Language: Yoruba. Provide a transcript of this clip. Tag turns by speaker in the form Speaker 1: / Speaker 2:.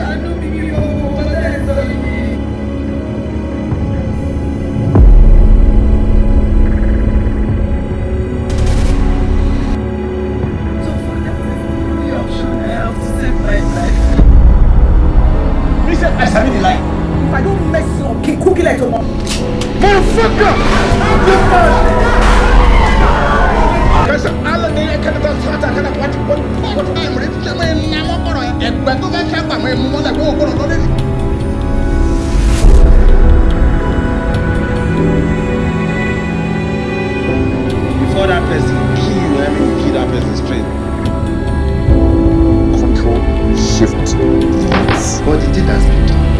Speaker 1: ṣàánú mi yóò wọ́n lẹ́sọ̀ yìí.
Speaker 2: I sabi the lie. If I don't mess up, okay, cookie like your mom. Motherfucker!
Speaker 3: I'm your man! There's an island there, I can't even start, I can't watch one time, I'm ready to ẹgbẹ́ tó fẹ́ ṣẹ́pà mọ́ ẹmu mọ́lẹ̀ kó o gbọ́dọ̀ lọ
Speaker 4: Before that person kill you, I mean kill that person straight.
Speaker 3: Control, shift, yes. But it did as been done.